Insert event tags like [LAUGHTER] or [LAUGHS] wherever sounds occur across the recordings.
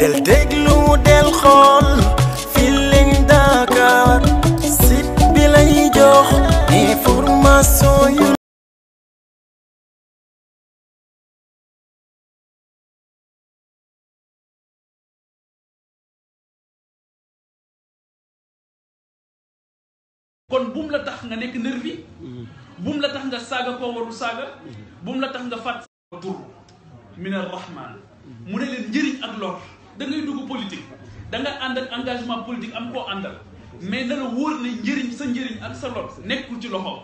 del déglu del xool Feeling Dakar site bi lay jox information yu kon bum la tax nga nekk nervi mm-hmm. bum la tax nga saaga koo warul saaga mm-hmm. bum la tax nga fàtt tur min ar rahman mu ne leen njëriñ ak lor da ngay dugg politique da nga ànd ak engagement politique am koo àndal mais na la wóor ne njëriñ sa njëriñ ak sa lor nekkul ci loxo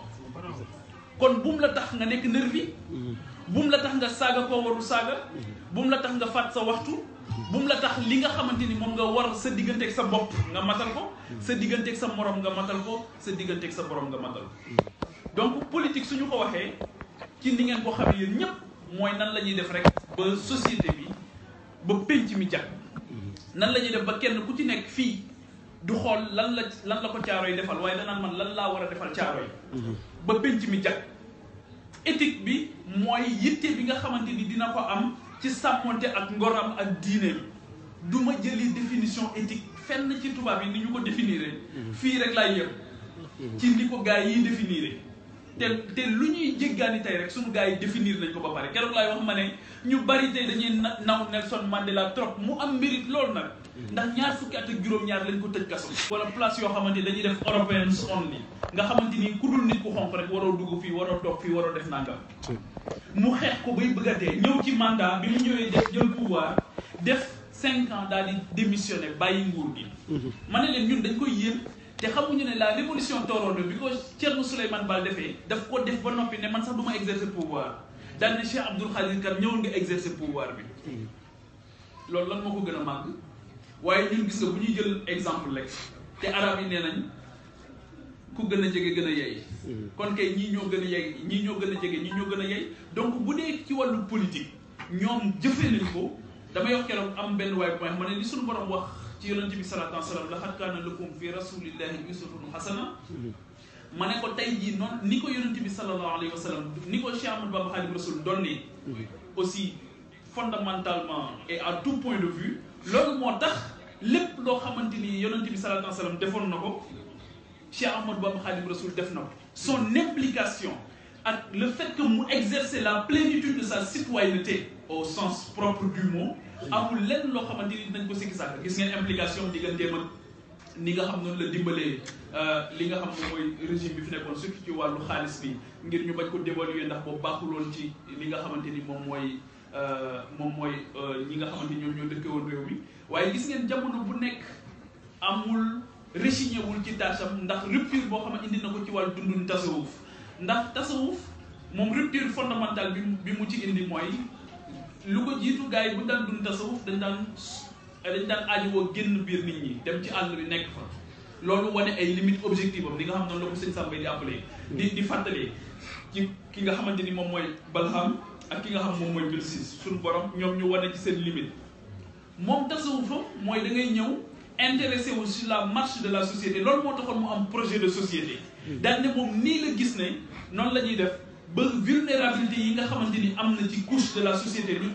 kon bum la tax nga nekk nervi bum la tax nga saaga koo warul saaga bum la tax nga fàtt sa waxtu bum la tax li nga xamante ni moom nga war sa digganteeg sa bopp nga matal ko sa digganteeg sa morom nga matal ko sa digganteeg sa borom nga matal ko donc politique ñu ko waxee ci ni ngeen ko xamee yéen ñëpp mooy nan la ñuy def rek ba société ba pénc mi jag nan la ñuy def ba kenn ku ci nekk fii du xool lan la lan la ko caaro yi defal waaye danaan man lan laa war a defal caaro yi mhm. ba pénc mi jag éthique bi mooy yitte bi nga xamante ni dina ko am ci sàmmonte ak ngoram ak diineem du ma jëli définition éthique fenn ci tubaab yi ni ñu ko définiré mhm. fii rek laay yëpp mhm. ci ni ko gars yi définiré te lu ñuy jéggaani tey rek suñu gars yi définir nañ ko ba pare keroog laay wax ma ne ñu bari tey dañuy naw Nelson Mandela trop mu am mérite lool nag. Mm-hmm. ndax ñaar fukki at ak juróom-ñaar lañ ko tëj kaso. wala place yoo xamante dañuy def Europeans only nga xamante ni ku dul nit ku xonq rek waroo dugg fii waroo toog fii waroo def nangam. mu xeex ko bay bëgg a dee ñëw ci mandat bi mu ñëwee def jël pouvoir def cinq ans daal di démissionné bàyyi nguur gi. Mm-hmm. ma ne leen ñun dañ koy yéen. te xamuñu ne la révolution torodo bi ko Thierno Souleymane Bal defee daf ko def ba noppi ne man sax du ma exercer pouvoir daal ne Cheikh Abdoul Khadir Kane ñëwoon nga exercer pouvoir bi loolu lan moo ko gën a màgg waaye ñun gis nga bu ñuy jël exemple rek te arab yi nee nañ ku gën a jege gën a yey kon kay ñii ñoo gën a yey ñii ñoo gën a jege ñii ñoo gën a yey donc bu dee ci wàllu politique ñoom jëfee nañ ko damay wax keroog am benn waay bu ma ne li suñu borom wax ci yonent bi salaatu wasalaam laqad kaana lakum fi rasulillahi uswatun hasana ma ne ko tey jii noonu ni ko yonent bi sallallahu alayhi wa sallam ni ko Cheikh Ahmadou Bamba Khadim Rasoul donnee aussi fondamentalement et à tout point de vue loolu moo tax lépp loo xamante ni yonent bi sallallahu alayhi wa defoon na ko Cheikh Ahmadou Bamba Khadim Rasoul def na ko son implication ak le fait que mu exercer la plénitude de sa citoyenneté au sens propre du mot amul lenn loo xamante ni dinañ ko sikki sàkk gis ngeen implication digganteem ak ni nga xam noonu la dimbalee euh, li nga xam ne mooy régime bi fi nekkoon surtout ci wàllu xaalis bi ngir ñu bañ ko dévaluer ndax boobu baaxuloon ci li nga xamante ni moom mooy euh, moom mooy euh, ñi nga xamante ñoom ñoo dëkke woon réew mi waaye gis ngeen jamono bu nekk amul réchigné wul ci tâche am ndax rupture boo xam ne indi ko ci wàllu dundun tasawuf ndax tasawuf moom rupture fondamentale bi bi mu ci indi mooy lu ko jiitu gars yi bu daan dund tasawuf dañ daan dañ daan aajowoo génn biir nit ñi dem ci àll bi nekk fa loolu wane ay limite objectif am li nga xam noonu la ko sëñ Samba di appelé di di fàttali ci ki nga xamante ni moom mooy Balham ak ki nga xam moom mooy Bilsis suñu borom ñoom ñu wane ci seen limite moom tasawufam mooy da ngay ñëw intéressé wu la marche de la société loolu moo taxoon mu am projet de société hmm. daal ne moom nii la gis ne noonu la ñuy def ba vulnérabilité yi nga xamante ni am na ci couche de la société lu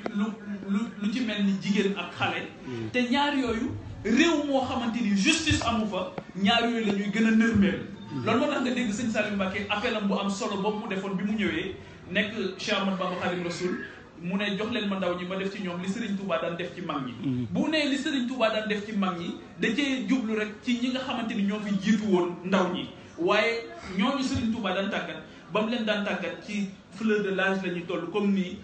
lu lu ci mel ni jigéen ak xale hmm. te ñaar yooyu réew moo xamante ni justice amu fa ñaar yooyu la ñuy gën a nërmeel hmm. lool moo tax nga dégg sëñ Saliou Mbacké appel am bu am solo boobu mu defoon bi mu ñëwee nekk Cheikh Ahmadou Bamba Khadim Rasoul mu ne jox leen ma ndaw ñi ma def ci ñoom li Serigne Touba daan def ci mag ñi. Mm-hmm. bu nee li Serigne Touba daan def ci mag ñi da cee jublu rek ci ñi nga xamante ni ñoo fi jiitu woon ndaw ñi waaye ñooñu Serigne Touba daan tàggat ba mu leen daan tàggat ci fleur de lage la ñu toll comme nii.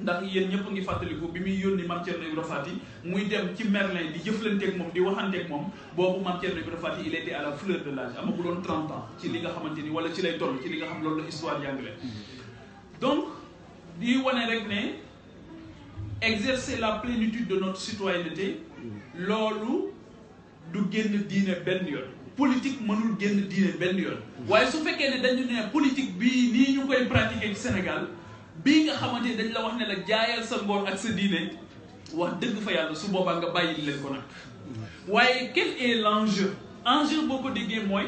ndax yéen ñëpp ngi fàttaliku bi muy yónni Mame Thierno Ibra Fati muy dem ci Merlin di jëflanteeg moom di waxanteeg moom boobu Mame Thierno Ibra Fati il était à la fleur li nga xamante ni wala ci lay toll li nga xam loolu la histoire jàngale mm-hmm. donc. li wane rek ne exercer la plénitude de notre citoyenneté loolu du génn diine benn yoon politique mënul génn diine benn yoon waaye su fekkee ne dañu ne politique bi nii ñu koy pratiquer ci Sénégal bii nga xamante ni dañ la wax ne la jaayal sa ngor ak sa diine wax dëgg fa yàlla su boobaa nga bàyyi leen ko nag waaye quel est l'enjeu enjeu boo ko déggee mooy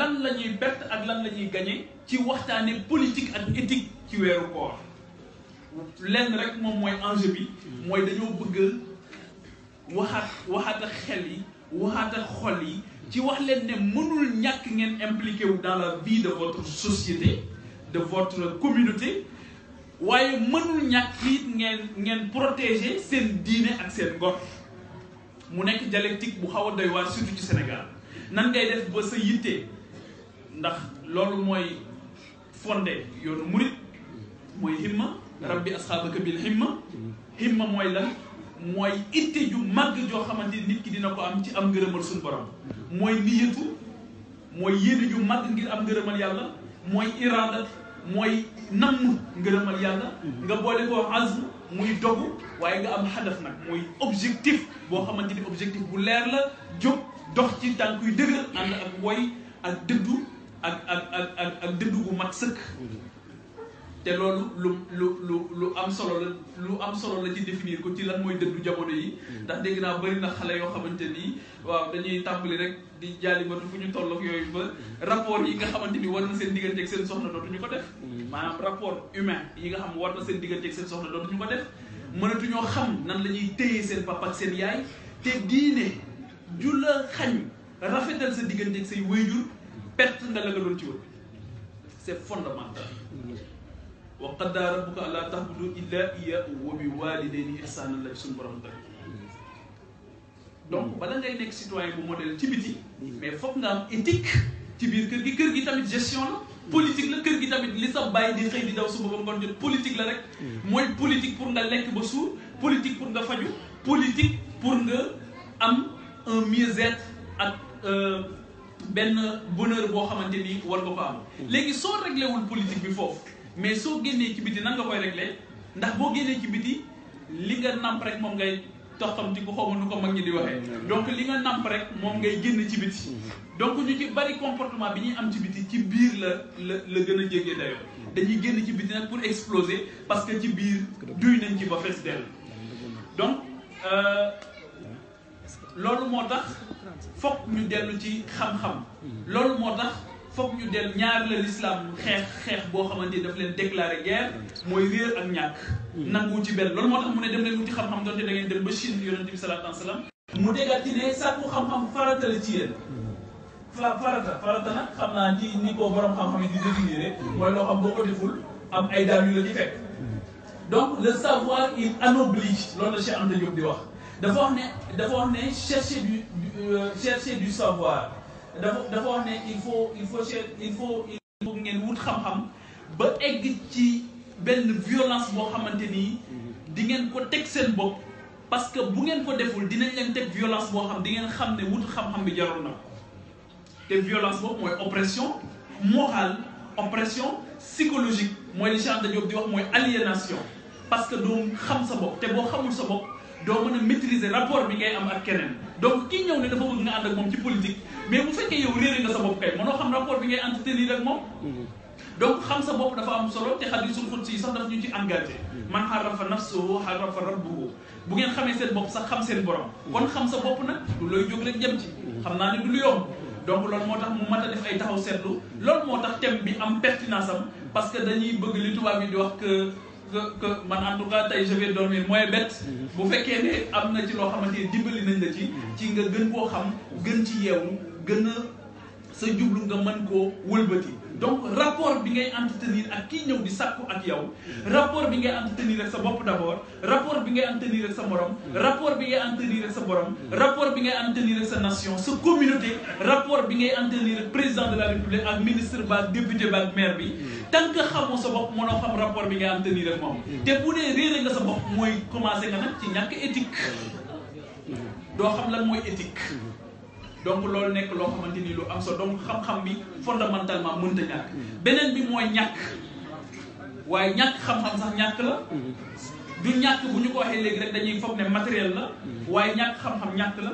lan la ñuy perte ak lan la ñuy gagner ci waxtaane politique ak éthique ci weeru koor lenn rek moom mooy enjeu bi hmm. mooy dañoo bëgg waxa waxaat ak xel yi waxaat xol yi ci wax leen ne mënul ñàkk ngeen impliqué wu dans la vie de votre société de votre communauté waaye mënul ñàkk it ngeen ngeen protéger seen diine ak seen ngor mu nekk dialectique bu xaw a doy waar surtout ci Sénégal nan ngay def ba sa yitte ndax loolu mooy fondé yoonu murit mooy himma rabbi asxaabaka bil himma himma mooy lan mooy itte ju màgg joo xamante ni nit ki dina ko am ci am ngërëmal suñu borom mooy niyatu mooy yéene ju màgg ngir am ngërëmal yàlla mooy iraada mooy namm ngërëmal yàlla nga boole ko azm muy dogu waaye nga am xadaf nag mooy objectif boo xamante ni objectif bu leer la jóg dox ci tànk yu dëgër ànd ak woy ak dëddu ak ak ak ak bu mat sëkk te loolu lu lu lu lu am solo la lu am solo la ci définir ko ci lan mooy dëddu jamono yi. Mm. ndax dégg naa bëri na xale yoo xamante ni waaw dañuy tàmbali rek di jaalimatu fu ñu toll yooyu ba mm. rapport yi nga xamante ni war na seen diggante ak seen soxna dootuñu ko def. Mm. maanaam rapport humain yi nga xam war na seen diggante ak seen soxna dootuñu ko def. mënatuñoo xam nan la ñuy téye seen papa ak seen yaay te diine ju la xañ rafetal sa diggante ak say wéyjur perte nga la nga doon ci wër c'est fondamental. wa qaddaa rabbuka allaa ta'budu illaa iyyaahu wa bi waalidayni ihsaanan la suñu borom tënk donc bala ngay nekk citoyen bu modèle ci biti mais foog nga am éthique ci biir kër gi kër gi tamit gestion la politique la kër gi tamit li sa bàyyi di xëy di daw suba ba ngoon jot politique la rek mooy politique pour nga lekk ba suur politique pour nga faju politique pour nga am un mieux-être ak euh, benn boo xamante ni war nga ko am mm. léegi soo réglé wul politique bi foofu mais soo génnee ci biti nan nga koy réglé ndax boo génnee ci biti li nga namp rek moom ngay toxtamti ku xawma nu ko mag ñi di waxee mm-hmm. donc li nga namp rek moom ngay génn ci biti mm-hmm. donc ñu ci bari comportement bi ñuy am ci biti ci biir la la la gën a jégee dayoo mm-hmm. dañuy génn ci biti nag pour exploser parce que ci biir duy nañ ci ba fees dell donc euh, loolu moo tax fokk ñu dellu ci xam-xam loolu moo tax foog ñu del ñaar la l'islam xeex xeex boo xamante ni daf leen déclarer guerre mooy réer ak ñàkk hmm. nangu ci benn loolu moo tax mu ne dem leen wuti xam-xam doonte da ngeen dem ba Chine yonente bi sallallahu alayhi wasallam mu déggaat ci ne sàkku xam-xam farata la ci yéen fa farata farata nag xam naa ni ni ko borom xam-xam yi di définir mooy loo xam boo ko deful am ay daal yu la ci fekk donc le savoir il anoblige loolu la Cheikh Anta Diop di wax dafa wax ne dafa wax ne chercher du euh, chercher du savoir dafa dafa wax ne il faut il faut il faut il faut ngeen wut xam-xam ba egg ci benn violence boo xamante nii di ngeen ko teg seen bopp parce que bu ngeen ko deful dinañ leen teg violence boo xam di ngeen xam ne wut xam bi jarul na te violence boobu mooy oppression morale oppression psychologique mooy li Cheikh Anta Diop di wax mooy aliénation parce que doo xam sa bopp te boo xamul sa bopp doo mën a maîtriser rapport bi ngay am ak keneen donc kii ñëw ne dafa bëgg nga ànd ak moom ci politique mais bu fekkee yow réeré nga sa bopp kay mënoo xam rapport bi ngay entretenir ak moom. Mm-hmm. donc xam sa bopp dafa am solo te xadisul xudsi yi sax daf ñu ci engagé. man xarafa nafsuhu xarafa rabbuhu bu ngeen xamee seen bopp sax xam seen borom. Mm-hmm. kon xam sa bopp nag du looy mm-hmm. naa ne lu yomb. donc loolu moo tax mu mat a def ay taxaw seetlu. loolu moo tax thème bi am pertinence parce que dañuy bëgg li tubaab yi di wax que que man en tout cas tey je dormir mooy bett. bu fekkee ne am na ci loo xamante ni dimbali nañ la ci. ci nga gën boo xam gën ci yeewu gën a sa jublu nga mën koo wëlbëti donc rapport bi ngay entretenir ak kii ñëw di sàkku ak yow rapport bi ngay entretenir ak sa bopp d'abord rapport bi ngay entretenir ak sa morom rapport bi ngay entretenir ak sa borom rapport bi ngay entretenir ak sa nation sa communauté rapport bi ngay entretenir président de la république ak ministre ba député ba maire bi tant que xamoo sa bopp mënoo xam rapport bi nga am te nii rek moom mm-hmm. te bu dee réere nga sa bopp mooy commencé nga nag ci ñàkk éthique mm-hmm. doo xam lan mooy éthique mm-hmm. donc loolu nekk loo xamante ni lu am solo donc xam-xam bi fondamentalement mënta ñàkk beneen bi mooy ñàkk waaye ñàkk xam-xam sax ñàkk la du ñàkk bu ñu ko waxee léegi rek dañuy foog ne matériel la waaye ñàkk xam-xam ñàkk la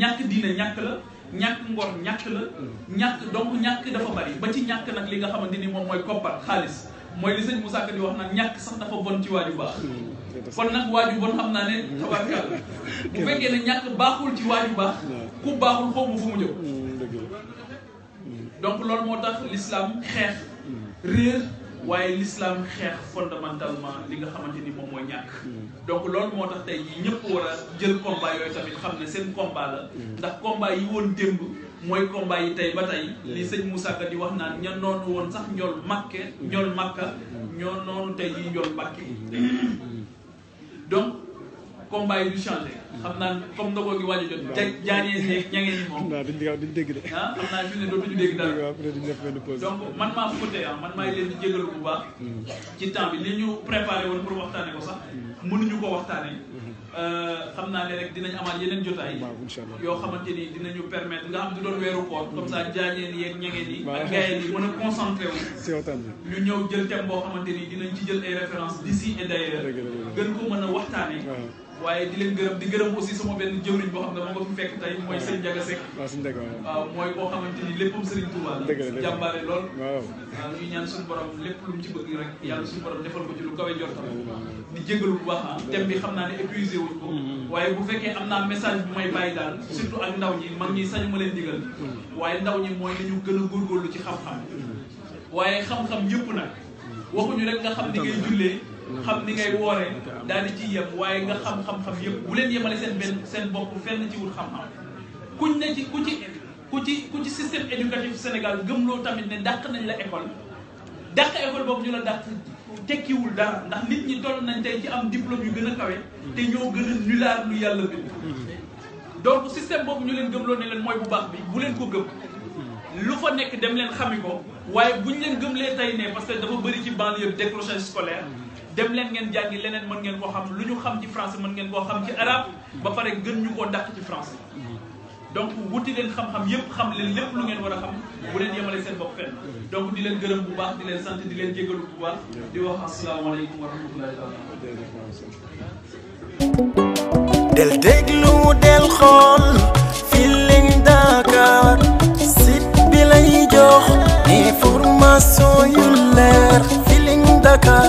ñàkk diine ñàkk la ñàkk ngor ñàkk la ñàkk donc ñàkk dafa bari ba ci ñàkk nag li nga xamante ni moom mooy koppar xaalis mooy li sëñ Moussa Ka di wax nag ñàkk sax dafa bon ci waaju baax kon nag waaju bon xam naa ne tabarkàlla bu fekkee ne ñàkk baaxul ci waaju baax ku baaxul foofu fu mu jëm mm, mm. donc loolu moo tax l'islam xeex réer waaye l'islam xeex fondamentalement li nga xamante ni moom mooy ñàkk hmm. donc loolu moo tax tey jii ñëpp war jël combat yooyu tamit xam ne seen combat la hmm. ndax combat yi woon démb mooy combat yi tey ba tey hmm. li sëñ mu Ka di wax naan ña noonu woon sax ñool màkke ñool màkka ñoo noonu tey jii ñool mbàkke [COUGHS] donc combat yi du changé. xam naa comme ndoxoo gi waaj a jot. ja jaajëf yeeg ña ngeen ñi moom. waaw duñ dégg de. ah xam naa fi ne dootuñu dégg dara. waaw peut être duñ def man maa fóotee ah man maay leen di jégalu bu baax. Mm. ci temps li ñu préparé woon pour waxtaanee ko sax. Mm. ñu ko waxtaanee. Mm-hmm. Euh, xam naa ne rek dinañ amaat yeneen jotaay. yoo xamante ni dinañu permettre nga xam du doon weeru koor. comme ça jaajeen yeeg ñegeen yi. ak gayeen yi mën a concentré wu. [LAUGHS] ñu ñëw jël thème boo xamante ni dinañ ci jël ay références d'ici et d'ailleurs. gën ko mën a waxtaanee. waaye di leen gërëm di gërëm aussi sama benn jëwriñ boo xam ne ma nga fi fekk tey mooy sëñ Ndiaga Seck waaw ah, mooy koo xamante ni léppam sëriñ Touba la jàmbaare lool waaw ah, ñuy ñaan suñu borom lépp lu mu ci bëgg rek yàlla suñu borom defal ko ci lu kawe jortam di jégalu bu baax ah. thème bi xam naa ne épuisé wuñ ko mm-hmm. waaye bu fekkee am naa message bu may bàyyi daal mm-hmm. surtout ak ndaw ñi mag ñi sañ ma leen digal mm-hmm. waaye ndaw ñi mooy nañu gën a góorgóorlu ci xam-xam waaye xam-xam yëpp nag waxuñu rek nga xam ni xam ni ngay woore daal di ci yem waaye nga xam xam-xam yëpp bu leen yemale seen benn seen bopp fenn ci wut xam-xam kuñ ne ci ku ci ku ci ku ci système éducatif Sénégal gëmloo tamit ne dàq nañ la école dàq école boobu ñu la dàq tekkiwul dara ndax nit ñi toll nañ tey ci am diplôme yu gën a kawe te ñoo gën a nulaar lu yàlla bi donc système boobu ñu leen gëmloo ne leen mooy bu baax bi bu leen ko gëm lu fa nekk dem leen xami ko waaye buñ leen gëm lee tey ne parce que dafa bëri ci banlieue décrochage dem leen ngeen jàngi leneen mën ngeen koo xam lu ñu xam ci français mën ngeen koo xam ci arabe ba pare gën ñu koo dàq ci français donc wuti leen xam-xam yépp xam leen lépp lu ngeen war a xam bu leen yemale seen bopp fenn donc di leen gërëm bu baax di leen sant di leen jégalu bu baax di wax asalaamaaleykum wa rahmatullahi taala del déglu del xool Feeling Dakar site bi lay jox information yu leer Feeling Dakar